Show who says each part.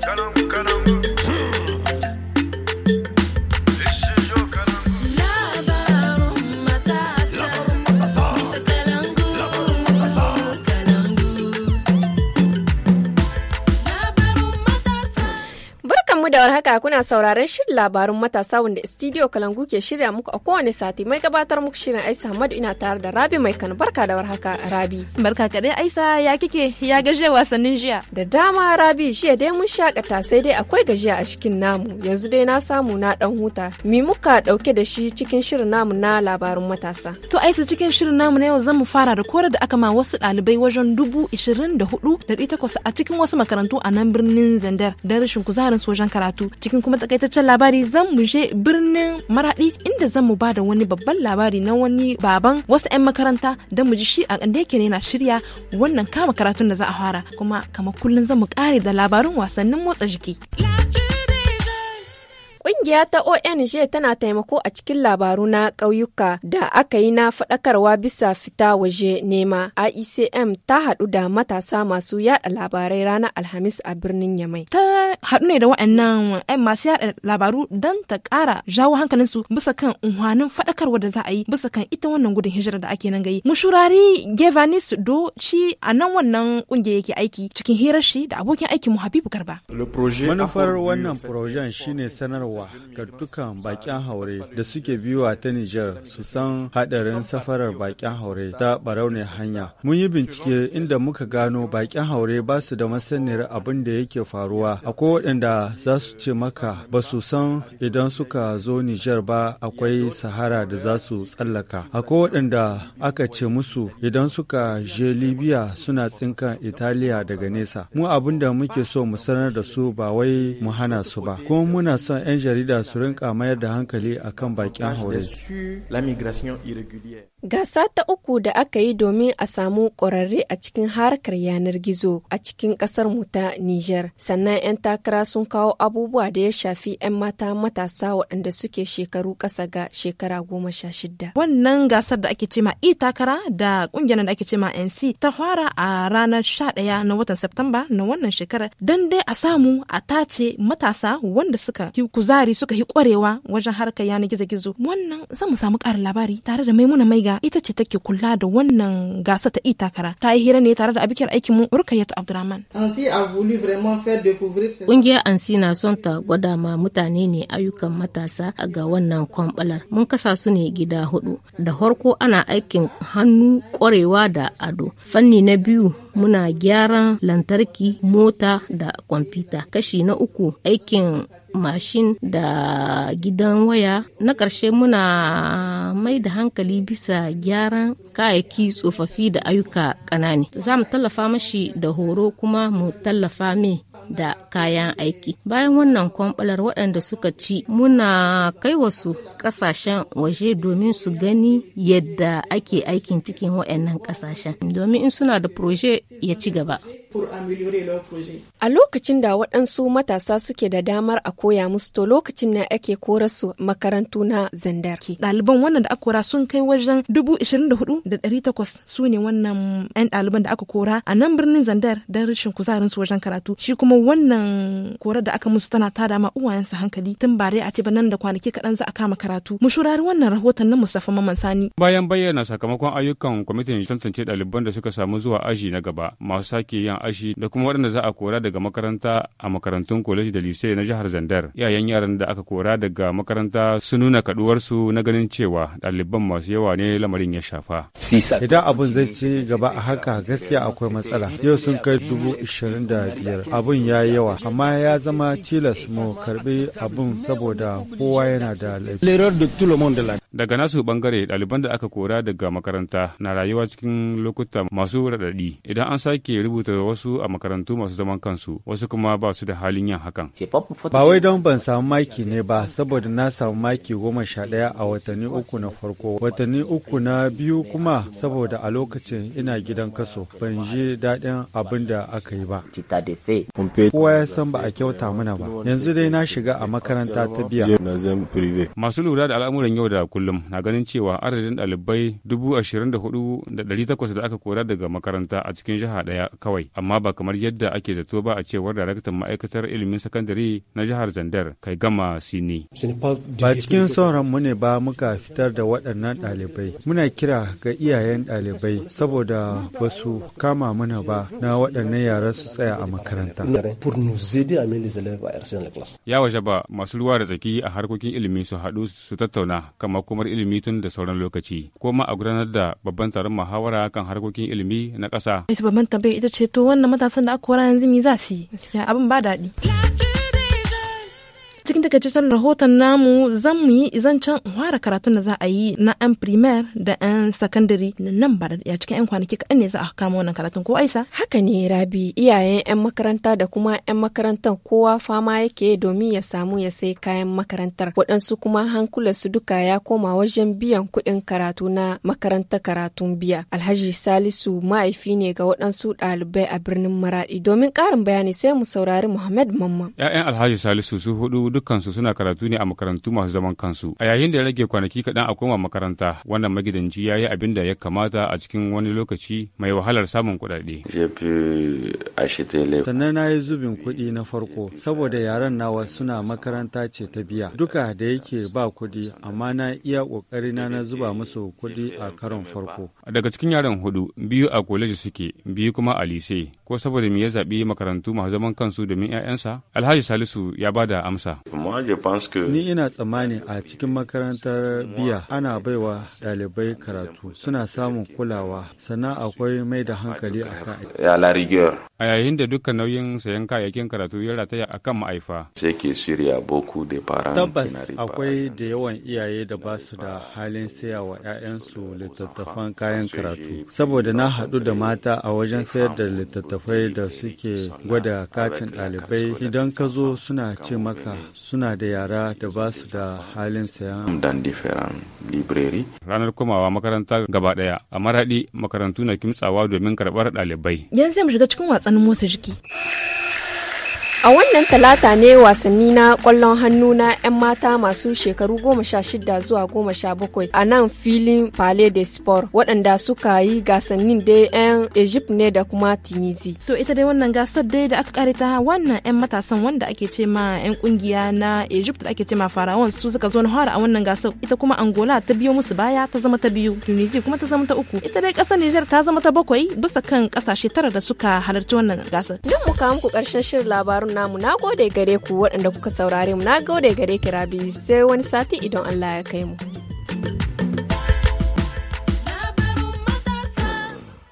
Speaker 1: Caramba, caramba.
Speaker 2: da warhaka kuna sauraron shirin labarun matasa wanda studio Kalangu ke shirya muku a kowane sati mai gabatar muku shirin aisa Hamadu ina tare da Rabi mai kan barka da warhaka Rabi. Barka ka dai aisa ya kike ya gajiya wasannin jiya. Da dama Rabi jiya dai mun shakata sai dai akwai gajiya a cikin namu yanzu dai na samu na dan huta. Mi muka dauke da shi cikin shirin namu na labarun matasa.
Speaker 1: To aisa cikin shirin namu na yau zamu fara da korar da aka ma wasu ɗalibai wajen dubu ishirin da hudu da takwas a cikin wasu makarantu a nan birnin Zandar da rashin kuzarin sojan karatu cikin kuma takaitaccen labari zan mu je birnin maradi inda zan mu bada wani babban labari na wani baban wasu 'yan makaranta don mu ji shi a da yake yana shirya wannan kama karatun da za a fara kuma kamar kullum zan mu kare da labarin wasannin motsa jiki.
Speaker 2: Ƙungiya ta ONG tana taimako a cikin labaru na ƙauyuka da aka yi na faɗakarwa bisa fita waje nema. IECM ta haɗu da matasa masu
Speaker 1: yaɗa labarai ranar Alhamis a birnin Yamai. Ta haɗu ne da waɗannan ‘yan eh, masu yaɗa labaru don ta ƙara jawo hankalinsu bisa kan unhwanin faɗakarwa da za a yi bisa kan ita wannan gudun hijira da ake nan gayi. Mushurari Gevanis Do ci a nan wannan ƙungiya yake aiki cikin hirar shi da abokin aikin mu Habibu Garba.
Speaker 3: Manufar wannan projen shine sanarwa faɗakarwa ga dukkan bakin haure da suke biyuwa ta Nijar su san hadarin safarar bakin haure ta barauniyar hanya. Mun yi bincike inda muka gano bakin haure ba su da masaniyar abin da yake faruwa. Akwai waɗanda za su ce maka ba su san idan suka zo Nijar ba akwai sahara da za su tsallaka. Akwai waɗanda aka ce musu idan suka je Libya suna tsinkan Italiya daga nesa. Mu abin da muke so mu sanar da su ba wai mu hana su ba. Kuma muna son 'yan jarida su rinka mayar da hankali akan bakin haure.
Speaker 2: Gasa ta uku da aka yi domin a samu ƙwararre a cikin harkar yanar gizo a cikin ƙasar mu ta Nijar. Sannan 'yan takara sun kawo abubuwa da ya shafi 'yan
Speaker 1: mata matasa waɗanda suke shekaru ƙasa ga shekara goma sha shida. Wannan gasar da ake cema e takara da ƙungiyar da ake cema NC ta fara a ranar sha ɗaya na watan Septamba na wannan shekarar don dai a samu a tace matasa wanda suka yi kuzari suka yi ƙwarewa wajen harkar yanar gizo-gizo. Wannan za mu samu ƙarin labari tare da Maimuna Maiga. Rukayya ita ce take kula da wannan gasa ta takara Ta yi hira ne tare da abikiyar aikin mu Rukayyatu Abdurrahman. Kungiyar Ansi na son ta gwada ma mutane ne ayyukan matasa ga wannan kwambalar. Mun kasa su ne gida hudu. Da farko ana aikin hannu kwarewa da ado. Fanni na biyu muna gyaran lantarki mota da kwamfuta kashi na uku aikin mashin da gidan waya na ƙarshe muna mai da hankali bisa gyaran kayayyaki tsofaffi da ayyuka ƙanani za mu tallafa mashi da horo kuma mu tallafa mai da kayan aiki bayan wannan kwamfalar waɗanda suka ci muna kai wasu ƙasashen waje domin su gani yadda ake aikin cikin waɗannan ƙasashen domin in suna da proje ya ci gaba A lokacin da waɗansu matasa suke da damar a koya musu to lokacin na ake kora makarantu na zandarki. Ɗaliban wannan da aka kora sun kai wajen dubu ishirin da hudu da ɗari takwas su ne wannan 'yan ɗaliban da aka kora a nan birnin zandar don rashin kuzarin wajen karatu. Shi kuma wannan korar da aka musu tana tada ma uwayensa hankali tun ba a ce ba nan da kwanaki kaɗan za a kama karatu. Mu shurari wannan rahoton na Mustapha Maman Sani.
Speaker 4: Bayan bayyana sakamakon ayyukan kwamitin tantance ɗaliban da suka samu zuwa aji na gaba masu sake yin ashi da kuma waɗanda za a kora daga makaranta a makarantun college da lise na jihar Zandar. Iyayen yaran da aka kora daga makaranta su nuna kaduwarsu na ganin cewa ɗaliban masu yawa ne lamarin ya shafa.
Speaker 3: Idan abun zai ci gaba a haka gaskiya akwai matsala. Yau sun kai dubu ishirin da biyar. Abun ya yi yawa amma ya zama tilas mu karbi abin saboda kowa yana da laifi.
Speaker 4: daga nasu bangare ɗaliban da aka kora daga makaranta na rayuwa cikin lokuta masu raɗaɗi idan an sake rubuta wasu a makarantu masu zaman kansu wasu kuma ba su da halin yin hakan ba wai
Speaker 3: don ban samu maki ne ba saboda na samu maki goma sha ɗaya a watanni uku na farko watanni uku na biyu kuma saboda a lokacin ina gidan kaso ban ji daɗin abin da aka yi ba kowa ya san ba a kyauta mana ba yanzu dai na shiga a makaranta ta biya
Speaker 4: masu lura da al'amuran yau da kullum na ganin cewa adadin ɗalibai dubu da hudu da aka kora daga makaranta a cikin jiha ɗaya kawai amma ba kamar yadda ake zato ba a cewar daraktan ma'aikatar ilimin sakandare na jihar zandar kai gama sini.
Speaker 3: ba cikin sauran mu ne ba muka fitar da waɗannan ɗalibai muna kira ga iyayen ɗalibai saboda ba su kama mana ba na waɗannan yara su tsaya a makaranta.
Speaker 4: ya waje ba masu ruwa da tsaki a harkokin ilimi su haɗu su tattauna kamar hukumar ilimi tun da sauran lokaci ko ma a gudanar da babban taron muhawara kan harkokin ilimi na ƙasa.
Speaker 1: Ita babban tambayar ita ce to wannan matasan da aka kora yanzu me za su yi? Gaskiya abin ba daɗi. cikin takaitaccen rahoton namu zan mu yi zancen ware karatun da za a yi na 'yan primaire da 'yan sakandare nan ba da ya cikin 'yan kwanaki kaɗan ne za a kama wannan karatun ko aisa haka ne rabi
Speaker 2: iyayen 'yan makaranta da kuma 'yan makarantar kowa fama yake domin ya samu ya sai kayan makarantar waɗansu kuma hankula su duka ya koma wajen biyan kuɗin karatu na makaranta karatun biya alhaji salisu ma'aifi ne ga waɗansu ɗalibai a birnin maraɗi domin ƙarin bayani sai mu saurari muhammad mamman
Speaker 4: 'ya'yan alhaji salisu su hudu dukkansu suna karatu ne a makarantu masu zaman kansu a yayin da ya rage kwanaki kaɗan a koma makaranta wannan magidanci ya yi abin da ya kamata a cikin wani lokaci mai wahalar samun kuɗaɗe.
Speaker 3: sannan na yi zubin kuɗi na farko saboda yaran nawa suna makaranta ce ta biya duka da yake ba kuɗi amma na iya ƙoƙari na na zuba musu kuɗi a karon farko.
Speaker 4: daga cikin yaran hudu biyu a koleji suke biyu kuma a lise ko saboda me ya zaɓi makarantu masu zaman kansu domin 'ya'yansa alhaji salisu ya ba da amsa. Ni
Speaker 3: ina tsammani a cikin makarantar biya ana baiwa ɗalibai karatu suna samun kulawa sannan akwai mai da hankali a kan A
Speaker 4: yayin da dukkan nauyin sayan kayayyakin karatu ya rataya a kan ma'aifa.
Speaker 3: Tabbas akwai da yawan iyaye da ba su da halin saya wa 'ya'yansu littattafan kayan karatu. Saboda na haɗu da mata a wajen sayar da littattafai da suke gwada katin ɗalibai idan ka zo suna ce maka suna da yara da ba su da halin sayan.
Speaker 4: Ranar komawa makaranta gaba ɗaya a maraɗi makarantu na kimtsawa domin karɓar ɗalibai.
Speaker 2: Yanzu mu shiga cikin watsanin motsa jiki. A wannan talata ne wasanni na kwallon hannu na 'yan mata masu shekaru 16 zuwa 17 a nan filin Palais de
Speaker 1: Sport waɗanda suka yi gasannin dai 'yan Egypt ne da kuma Tunisi. To ita dai wannan gasar dai da aka ƙarita wannan 'yan matasan wanda ake ce ma 'yan kungiya na Egypt da ake ce ma Pharaon su suka zo na a wannan gasar ita kuma Angola ta biyo musu baya ta zama ta biyu Tunisi kuma ta zama ta uku ita dai ƙasar Niger ta zama ta bakwai bisa kan ƙasashe tara da suka halarci wannan gasar.
Speaker 2: Nan muka muku ƙarshen shirin labarin shirin namu na gode gare ku waɗanda kuka saurare mu na gode gare ki biyu sai wani sati idan Allah ya kai mu.